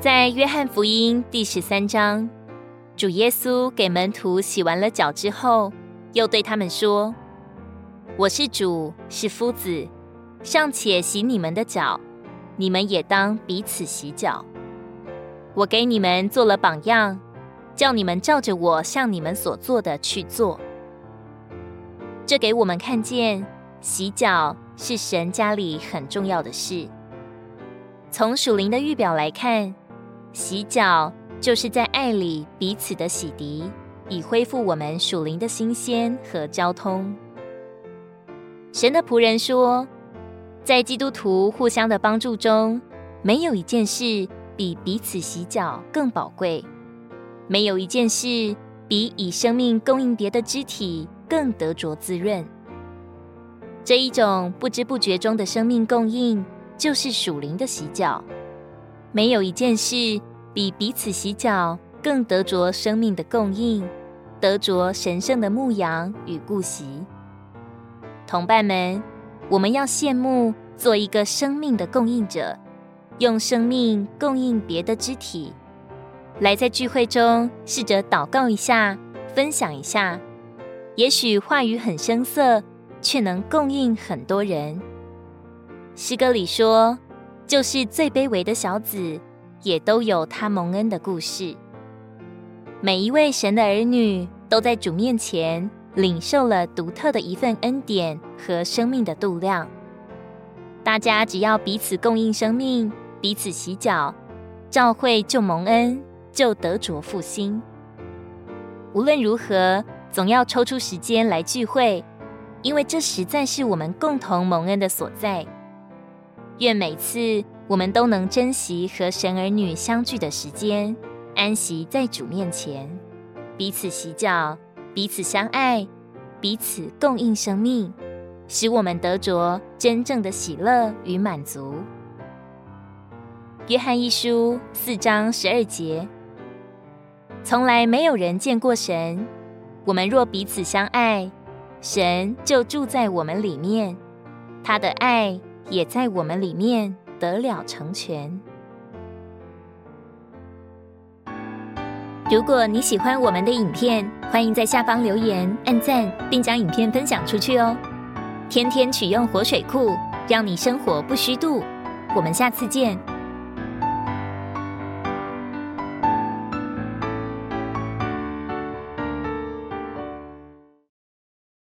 在約翰福音第十三章，主耶穌給門徒洗完了腳之後，又對他們說：“我是主，是夫子，尚且洗你們的腳，你們也當彼此洗腳。我給你們做了榜樣，叫你們照着我向你們所做的去做。”這給我們看見，洗腳是神家裡很重要的事。從屬靈的預表來看，洗腳就是在愛裡彼此的洗滌，以恢復我們屬靈的新鮮和交通。神的僕人說，在基督徒互相的幫助中，沒有一件事比彼此洗腳更寶貴；沒有一件事比以生命供應別的肢體更得着滋潤。這一種不知不覺中的生命供應，就是屬靈的洗腳。沒有一件事。比彼此洗腳更得着生命的供應，得着神聖的牧養與顧惜。同伴們，我們要羨慕做一個生命的供應者，用生命供應別的肢體。來，在聚會中試着禱告一下，分享一下。也許話語很生澀，卻能供應很多人。詩歌裡說，就是最卑微的小子，也都有他蒙恩的故事。每一位神的兒女都在主面前領受了獨特的一份恩典和生命的度量。大家只要彼此供應生命，彼此洗腳，召會就蒙恩，就得着復興。無論如何，總要抽出時間來聚會，因為這實在是我們共同蒙恩的所在。願每次我們都能珍惜和神兒女相聚的時間，安息在主面前，彼此洗腳，彼此相愛，彼此供應生命，使我們得着真正的喜樂與滿足。約翰一書四章十二節：從來沒有人見過神，我們若彼此相愛，神就住在我們裡面，他的愛。也在我們裡面得了成全。如果你喜歡我們的影片，歡迎在下方留言、按讚，並將影片分享出去哦。天天取用活水庫，讓你生活不虛度。我們下次見。